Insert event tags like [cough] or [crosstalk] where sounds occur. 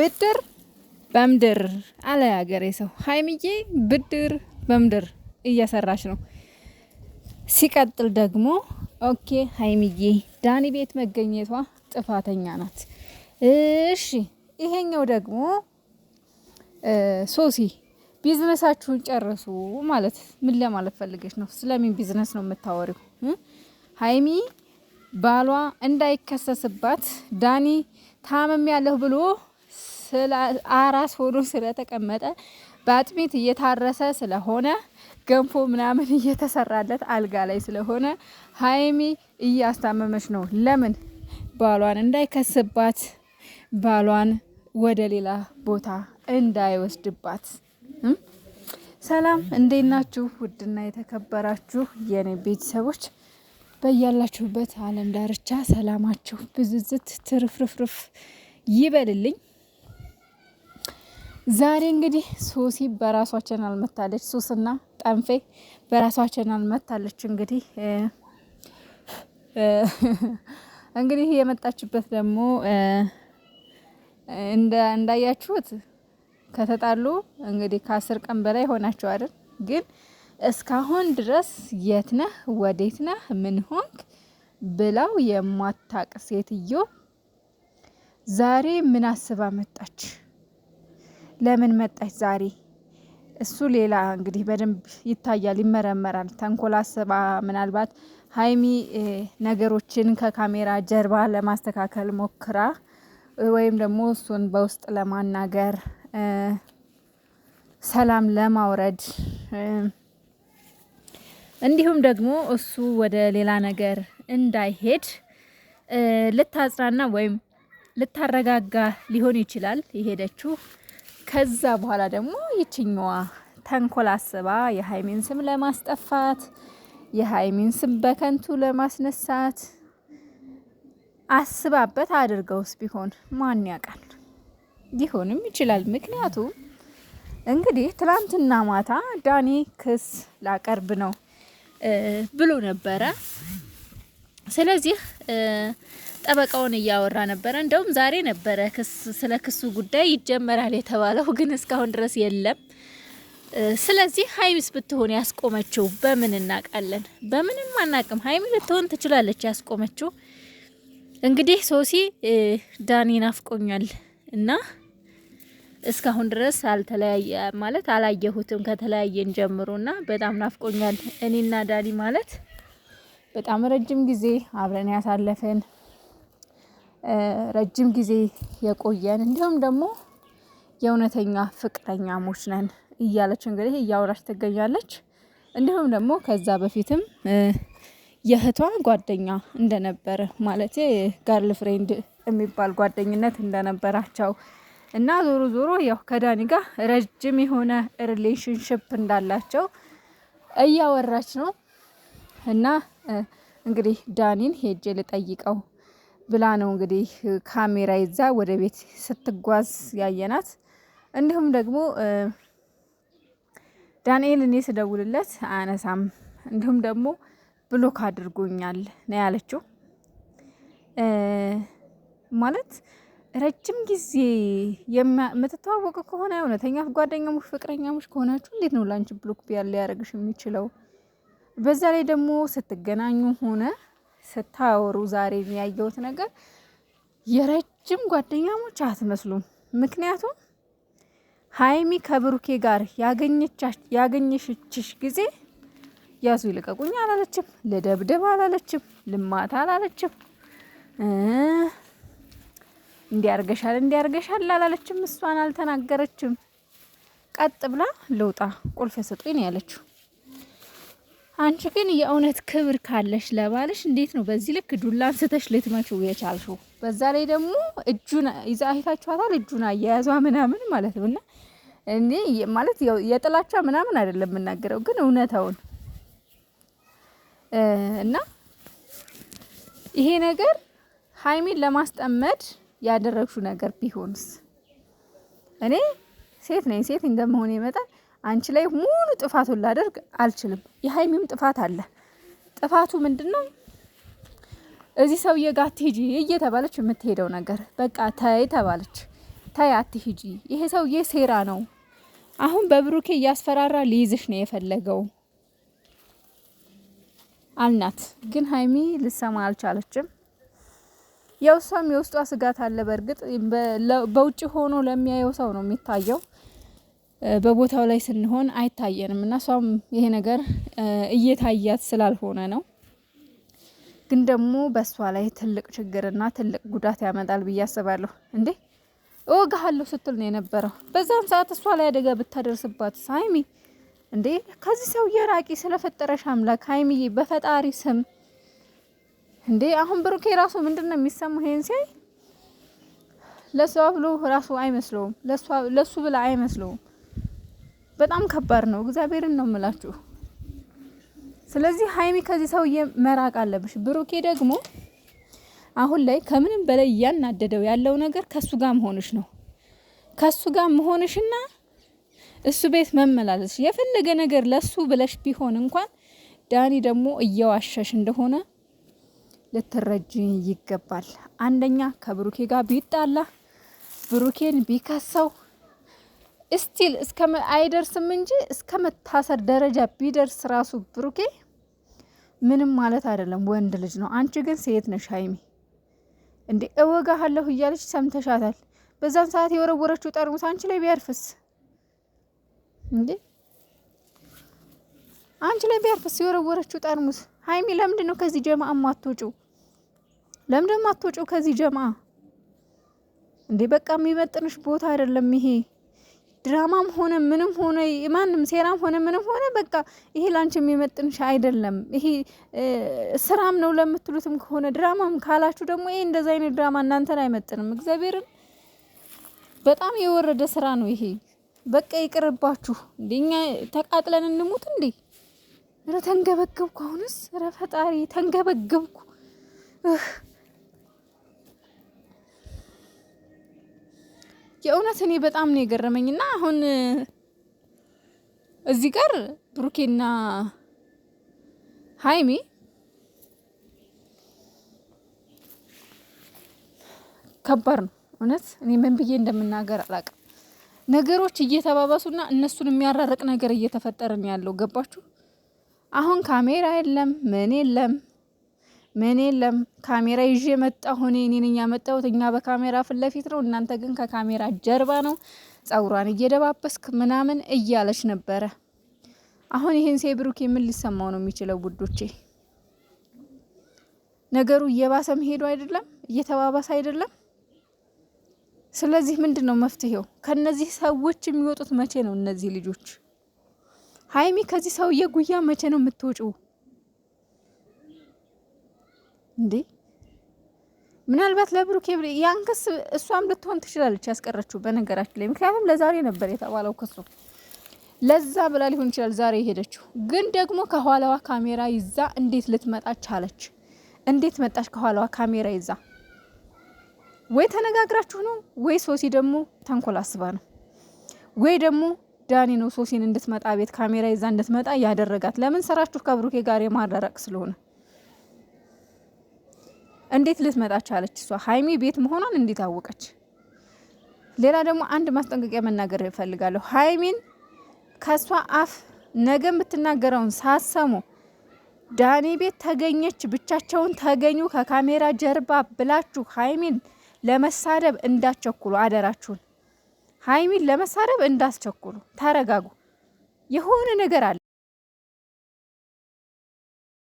ብድር በምድር አለ ያገሬ ሰው። ሀይሚዬ ብድር በምድር እየሰራች ነው። ሲቀጥል ደግሞ ኦኬ ሀይሚዬ ዳኒ ቤት መገኘቷ ጥፋተኛ ናት። እሺ ይሄኛው ደግሞ ሶሲ ቢዝነሳችሁን ጨርሱ ማለት ምን ለማለት ፈልገች ነው? ስለምን ቢዝነስ ነው የምታወሪው? ሀይሚ ባሏ እንዳይከሰስባት ዳኒ ታመም ያለሁ ብሎ አራስ ሆኖ ስለተቀመጠ በአጥሚት እየታረሰ ስለሆነ ገንፎ ምናምን [laughs] እየተሰራለት አልጋ ላይ ስለሆነ ሀይሚ እያስታመመች ነው። ለምን ባሏን እንዳይከስባት፣ ባሏን ወደ ሌላ ቦታ እንዳይወስድባት። ሰላም እንዴት ናችሁ? ውድና የተከበራችሁ የኔ ቤተሰቦች በያላችሁበት ዓለም ዳርቻ ሰላማችሁ ብዝዝት ትርፍርፍርፍ ይበልልኝ። ዛሬ እንግዲህ ሶሲ በራሷ ቻናል መታለች። ሱስና ጠንፌ በራሷ ቻናል መታለች። እንግዲህ እንግዲህ የመጣችበት ደግሞ እንዳያችሁት ከተጣሉ እንግዲህ ከአስር ቀን በላይ ሆናቸው አይደል? ግን እስካሁን ድረስ የት ነህ ወዴት ነህ ምን ሆንክ ብላው የማታቅ ሴትዮ ዛሬ ምን አስባ መጣች? ለምን መጣች ዛሬ? እሱ ሌላ እንግዲህ በደንብ ይታያል፣ ይመረመራል። ተንኮል አስባ ምናልባት ሀይሚ ነገሮችን ከካሜራ ጀርባ ለማስተካከል ሞክራ ወይም ደግሞ እሱን በውስጥ ለማናገር ሰላም ለማውረድ እንዲሁም ደግሞ እሱ ወደ ሌላ ነገር እንዳይሄድ ልታጽናና ወይም ልታረጋጋ ሊሆን ይችላል የሄደችው። ከዛ በኋላ ደግሞ ይችኛዋ ተንኮል አስባ የሀይሚን ስም ለማስጠፋት የሀይሚን ስም በከንቱ ለማስነሳት አስባበት አድርገውስ ቢሆን ማን ያውቃል? ሊሆንም ይችላል። ምክንያቱም እንግዲህ ትላንትና ማታ ዳኒ ክስ ላቀርብ ነው ብሎ ነበረ። ስለዚህ ጠበቃውን እያወራ ነበረ። እንደውም ዛሬ ነበረ ክስ ስለ ክሱ ጉዳይ ይጀመራል የተባለው፣ ግን እስካሁን ድረስ የለም። ስለዚህ ሀይሚስ ብትሆን ያስቆመችው በምን እናውቃለን? በምንም አናቅም። ሀይሚ ልትሆን ትችላለች ያስቆመችው። እንግዲህ ሶሲ ዳኒ ናፍቆኛል እና እስካሁን ድረስ አልተለያየ ማለት አላየሁትም ከተለያየን ጀምሮ እና በጣም ናፍቆኛል። እኔና ዳኒ ማለት በጣም ረጅም ጊዜ አብረን ያሳለፈን ረጅም ጊዜ የቆየን እንዲሁም ደግሞ የእውነተኛ ፍቅረኛሞች ነን እያለች እንግዲህ እያወራች ትገኛለች። እንዲሁም ደግሞ ከዛ በፊትም የእህቷ ጓደኛ እንደነበረ ማለት ጋርል ፍሬንድ የሚባል ጓደኝነት እንደነበራቸው እና ዞሮ ዞሮ ያው ከዳኒ ጋር ረጅም የሆነ ሪሌሽንሽፕ እንዳላቸው እያወራች ነው እና እንግዲህ ዳኒን ሄጄ ልጠይቀው ብላ ነው እንግዲህ ካሜራ ይዛ ወደ ቤት ስትጓዝ ያየናት። እንዲሁም ደግሞ ዳንኤል እኔ ስደውልለት አያነሳም፣ እንዲሁም ደግሞ ብሎክ አድርጎኛል ነው ያለችው። ማለት ረጅም ጊዜ የምትተዋወቅ ከሆነ እውነተኛ ጓደኛሞች፣ ፍቅረኛሞች ከሆናችሁ እንዴት ነው ላንቺ ብሎክ ያለ ያደረግሽ የሚችለው? በዛ ላይ ደግሞ ስትገናኙ ሆነ ስታወሩ ዛሬ የሚያየሁት ነገር የረጅም ጓደኛሞች አትመስሉም። ምክንያቱም ሀይሚ ከብሩኬ ጋር ያገኘሽችሽ ጊዜ ያዙ ይልቀቁኝ አላለችም፣ ልደብድብ አላለችም፣ ልማታ አላለችም፣ እንዲያርገሻል እንዲያርገሻል አላለችም፣ እሷን አልተናገረችም። ቀጥ ብላ ልውጣ ቁልፍ ሰጡኝ ነው ያለችው። አንቺ ግን የእውነት ክብር ካለሽ ለባልሽ እንዴት ነው በዚህ ልክ ዱላ አንስተሽ ልትመጪው የቻልሽው? በዛ ላይ ደግሞ እጁን ይዛ አይታችኋታል። እጁን አያያዟ ምናምን ማለት ነው እና እኔ ማለት የጥላቻ ምናምን አይደለም የምናገረው፣ ግን እውነታውን እና ይሄ ነገር ሀይሚን ለማስጠመድ ያደረግሽው ነገር ቢሆንስ? እኔ ሴት ነኝ ሴት እንደመሆን መጠን አንቺ ላይ ሙሉ ጥፋቱን ላደርግ አልችልም። የሀይሚም ጥፋት አለ። ጥፋቱ ምንድን ነው? እዚህ ሰውዬ ጋር አትሂጂ እየተባለች የምትሄደው ነገር በቃ ተይ ተባለች። ተይ አትሂጂ፣ ይሄ ሰውዬ ሴራ ነው። አሁን በብሩኬ እያስፈራራ ሊይዝሽ ነው የፈለገው አልናት። ግን ሀይሚ ልሰማ አልቻለችም። የውሷም የውስጧ ስጋት አለ። በእርግጥ በውጭ ሆኖ ለሚያየው ሰው ነው የሚታየው በቦታው ላይ ስንሆን አይታየንም እና እሷም ይሄ ነገር እየታያት ስላልሆነ ነው። ግን ደግሞ በእሷ ላይ ትልቅ ችግርና ትልቅ ጉዳት ያመጣል ብዬ አስባለሁ። እንዴ እወጋሃለሁ ስትል ነው የነበረው። በዛም ሰዓት እሷ ላይ አደጋ ብታደርስባት ሀይሚ እንዴ ከዚህ ሰው የራቂ ስለፈጠረሽ አምላክ ሀይሚዬ፣ በፈጣሪ ስም እንዴ። አሁን ብሩኬ ራሱ ምንድን ነው የሚሰማው ይሄን ሲያይ? ለእሷ ብሎ ራሱ አይመስለውም። ለእሱ ብላ አይመስለውም። በጣም ከባድ ነው። እግዚአብሔርን ነው የምላችሁ። ስለዚህ ሀይሚ ከዚህ ሰውዬ መራቅ አለብሽ። ብሩኬ ደግሞ አሁን ላይ ከምንም በላይ እያናደደው ያለው ነገር ከሱ ጋር መሆንሽ ነው። ከሱ ጋር መሆንሽና እሱ ቤት መመላለስ የፈለገ ነገር ለሱ ብለሽ ቢሆን እንኳን ዳኒ ደግሞ እየዋሸሽ እንደሆነ ልትረጅ ይገባል። አንደኛ ከብሩኬ ጋር ቢጣላ ብሩኬን ቢከሰው እስከ አይደርስም እንጂ እስከ መታሰር ደረጃ ቢደርስ ራሱ ብሩኬ ምንም ማለት አይደለም። ወንድ ልጅ ነው። አንቺ ግን ሴት ነሽ ሀይሚ። እንዴ እወጋሃለሁ እያለች ሰምተሻታል። በዛን ሰዓት የወረወረችው ጠርሙስ አንቺ ላይ ቢያርፍስ? እንዴ አንቺ ላይ ቢያርፍስ? የወረወረችው ጠርሙስ ሀይሚ፣ ለምንድን ነው ከዚህ ጀማ የማትወጪው? ለምንድን ነው ከዚህ ጀማ? እንዴ በቃ የሚመጥንሽ ቦታ አይደለም ይሄ። ድራማም ሆነ ምንም ሆነ ማንም ሴራም ሆነ ምንም ሆነ በቃ ይሄ ላንቺ የሚመጥንሽ አይደለም፣ ይሄ ስራም ነው ለምትሉትም ከሆነ ድራማም ካላችሁ ደግሞ ይሄ እንደዛ አይነት ድራማ እናንተን አይመጥንም። እግዚአብሔርን በጣም የወረደ ስራ ነው ይሄ። በቃ ይቅርባችሁ። እንደኛ ተቃጥለን እንሙት እንዴ? ኧረ ተንገበገብኩ። አሁንስ ኧረ ፈጣሪ ተንገበገብኩ። የእውነት እኔ በጣም ነው የገረመኝ። እና አሁን እዚህ ጋር ብሩኬና ሀይሚ ከባድ ነው እውነት። እኔ ምን ብዬ እንደምናገር አላውቅም። ነገሮች እየተባባሱና እነሱን የሚያራርቅ ነገር እየተፈጠረ ያለው። ገባችሁ? አሁን ካሜራ የለም ምን የለም ምን የለም ካሜራ ይዤ መጣሁ። እኔ እኔ ነኝ ያመጣሁት። እኛ በካሜራ ፊት ለፊት ነው፣ እናንተ ግን ከካሜራ ጀርባ ነው። ጸጉሯን እየደባበስክ ምናምን እያለች ነበረ። አሁን ይህን ሴብሩክ የምን ምን ሊሰማው ነው የሚችለው? ውዶቼ ነገሩ እየባሰ መሄዱ አይደለም እየተባባሰ አይደለም። ስለዚህ ምንድን ነው መፍትሄው? ከነዚህ ሰዎች የሚወጡት መቼ ነው? እነዚህ ልጆች ሀይሚ፣ ከዚህ ሰውዬ ጉያ መቼ ነው የምትወጪው? እንዴ ምናልባት ለብሩኬ ያን ክስ እሷም ልትሆን ትችላለች ያስቀረችው በነገራችን ላይ ምክንያቱም ለዛሬ ነበር የተባለው ክሱ ለዛ ብላ ሊሆን ይችላል ዛሬ የሄደችው ግን ደግሞ ከኋላዋ ካሜራ ይዛ እንዴት ልትመጣ ቻለች እንዴት መጣች ከኋላዋ ካሜራ ይዛ ወይ ተነጋግራችሁ ነው ወይ ሶሲ ደግሞ ተንኮል አስባ ነው ወይ ደግሞ ዳኒ ነው ሶሲን እንድትመጣ ቤት ካሜራ ይዛ እንድትመጣ ያደረጋት ለምን ሰራችሁ ከብሩኬ ጋር የማራራቅ ስለሆነ እንዴት ልትመጣ ቻለች? እሷ ሀይሚ ቤት መሆኗን እንዴት አወቀች? ሌላ ደግሞ አንድ ማስጠንቀቂያ መናገር እፈልጋለሁ። ሀይሚን ከእሷ አፍ ነገ የምትናገረውን ሳሰሙ ዳኒ ቤት ተገኘች፣ ብቻቸውን ተገኙ፣ ከካሜራ ጀርባ ብላችሁ ሀይሚን ለመሳደብ እንዳትቸኩሉ፣ አደራችሁን። ሀይሚን ለመሳደብ እንዳትቸኩሉ፣ ተረጋጉ። የሆነ ነገር አለ።